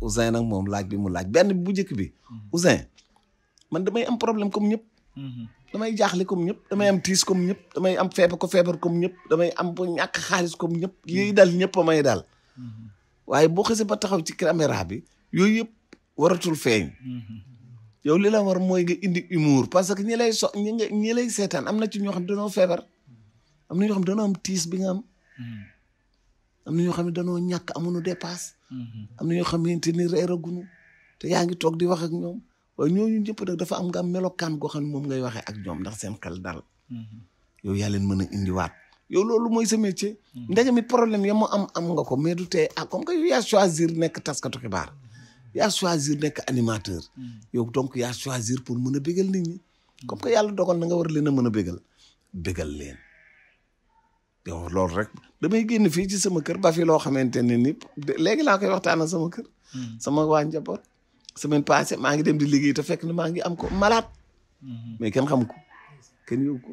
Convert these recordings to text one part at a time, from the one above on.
Ouzin nag moom laaj bi mu laaj benn bu jëkk bi. Mhm. Ouzin man damay am problème comme ñëpp. Mhm. damay jaaxle comme ñëpp damay am tiis comme ñëpp damay am feebar ko feebar comme ñëpp damay am bu ñàkk xaalis kom ñëpp mhm. yooyu dal ñëpp a may dal waaye boo xasee ba taxaw ci caméra bi yooyu yëpp waratul feeñ yow li la war mooy nga indi humour parce que ñi lay so ñi ñi seetaan am na ci ñoo xam ne dañoo feebar am na ñoo xam ne dañoo tiis bi nga am am na ñoo xam ne dañoo ñàkk amuñu dépasse. Mhm. am na ñoo xamante ni reeraguñu te yaa ngi toog di wax ak ñoom waaye ñooñu ñëpp nag dafa am nga melokaan goo xam ne moom ngay waxee ak ñoom ndax seen xel dal. Mhm. yow yaa leen mën a indiwaat. yow loolu mooy se métier. Mhm. ndaje mi problème ya mu am am nga ko mais du tee ah comme que yow yaa choisir nekk taskatu xibaar. yaa choisir nekk animateur. yow donc yaa choisir pour mën a bégal nit ñi. comme que yàlla dogal na nga war leen a mën a bégal bégal leen. yow loolu rek damay génn fii ci sama kër ba fi loo xamante ne ni léegi laa koy waxtaan ak sama kër. Hmm. sama waa njaboot. semaine passée maa ngi dem di liggéey te fekk na maa ngi am ko malaat hmm. mais kenn xam ko kenn yóbbu ko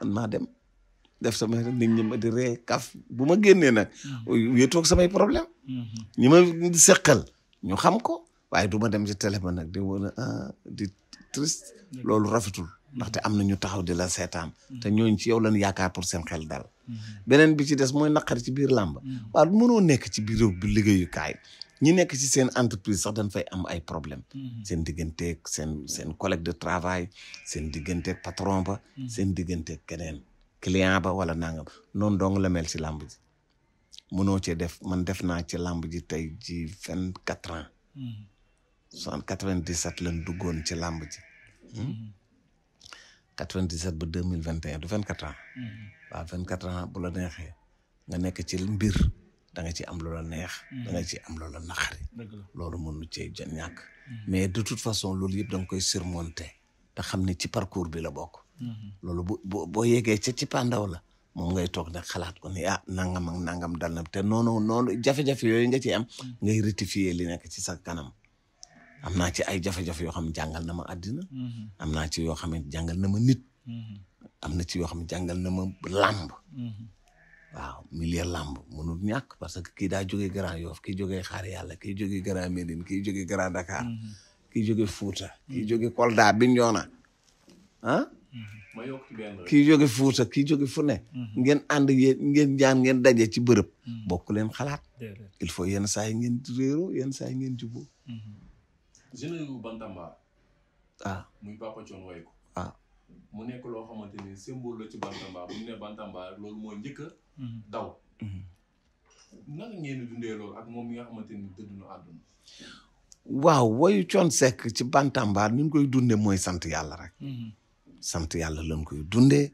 man maa dem def sama nit ñi ma di ree kaf bu ma génnee nag. Hmm. wéetoog samay problème ñi ma seqel ñu xam ko waaye du ma dem ci téléphone nag di wane ah, di triste loolu rafetul. ndaxte am na ñu taxaw di la seetaan. Mm-hmm. te ñooñ ci yow lan yaakaar pour seen xel dal. Mm-hmm. beneen bi ci des mooy naqari ci biir làmb. Mm-hmm. waaw mënoo nekk ci biir bi liggéeyukaay. ñi nekk ci seen entreprise sax dañ fay am ay problème seen digganteeg seen seen collègue de travail seen diggante patron ba. seen diggante keneen client ba wala nangam noon dong la mel ci làmb ji. mënoo cee def man def naa ci làmb ji tey ji vingt quatre ans. soixante quatre vingt dix sept lañ duggoon ci làmb ji. Hmm? 97 de mil du 24 ans. Mm-hmm. waaw 24 ans bu la neexee nga nekk ci mbir da nga ci am loola neex. da nga ci am loola naqari. loolu mënu cee jën ñàkk. Mm-hmm. mais de toute façon loolu yëpp da koy surmonter te xam ne ci parcours bi la bokk. Mm-hmm. loolu bu boo boo ca ci pàndaw la moom ngay toog nag xalaat ko ni ah nangam ak nangam dal na te noonu noonu jafe-jafe yooyu nga ci am. ngay rectifier li nekk ci sa kanam. am naa ci ay jafe yoo xam ne jàngal na ma àddina. Mhm. am naa ci yoo xam ne jàngal na ma nit. Mhm. am na ci yoo xam ne jàngal na ma làmb. Mhm. waaw milieu làmb mënul ñàkk parce que kii daa jógee Grand Yoff kii jógee Xaar Yàlla kii jógee Grand Médine kii jógee Grand Dakar. kii jógee Fouta. kii jógee Kolda Bignona ah. ma yokk ci kii jóge Fuuta kii jóge fu ne. ngeen ànd yéen ngeen jaan ngeen daje ci bërëb. bokk leen xalaat. il faut yenn saa yi ngeen réeroo yenn saa yi généraux Bantamba. ah muy Papa Thion way ko. Ah. mu nekk loo xamante ni symbole la ci Bantamba bu ñu nee loolu moo njëkk mhm. daw. Mhm. naka ngeen dundee loolu ak moom nga xamante ni dëdd na àdduna. waaw woyu Thione Seck ci Bantamba ni koy dundee mooy sant yàlla rek. Mhm. sant yàlla lañ koy dundee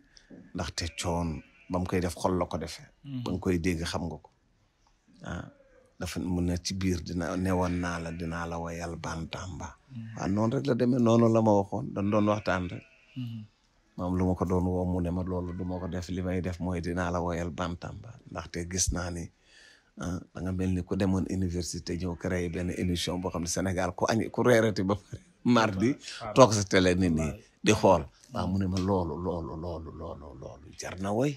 ndaxte Thione ba koy def xol la ko defee. ba koy dégg xam nga ko ah. dafa mu ne ci biir dina newoon naa la dinaa la wayal bantamba mm-hmm. waaw noonu rek la demee noonu la ma waxoon dañ doon waxtaan rek maam mm-hmm. lu ma ko doon woo mu ne ma loolu du ma ko def li may def mooy dinaa la woyal bantamba ndaxte gis naa ni ah, da nga mel ni ku demoon université ñëw créé benn émission boo xam ne Sénégal ku añ ku reerati ba pare mardi toog sa télé nit di xool mm-hmm. waaw mu ne ma loolu loolu loolu loolu loolu jar na woy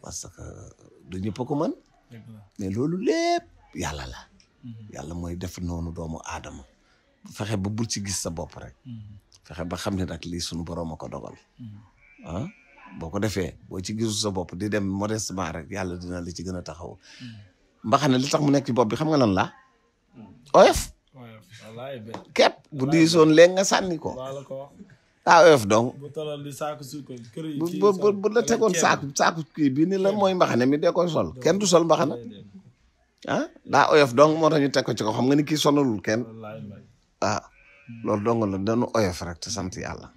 parce que du ñëpp ko mën loolu lépp yàlla la mhm. yàlla mooy def noonu doomu aadama fexe ba bul ci gis sa bopp rek mhm. fexe ba xam ne nag lii suñu boroom a ko dogal mhm. ah boo ko defee boo ci gisu sa bopp di dem modestement rek yàlla dina la ci gën a taxaw mbaxane li tax mu nekk ci bopp bi xam nga lan la oyof bu bu diisoon léegi nga sànni ko daa ah oyof donc bu bu la tegoon saaku saaku kii bii ni la mooy mbaxane mi dee sol kenn du sol mbaxana ah daa oyof dong moo tax ñu teg ko ci ko xam nga ni kii sonalul kenn ah loolu dong la dañu oyof rek te sant yàlla.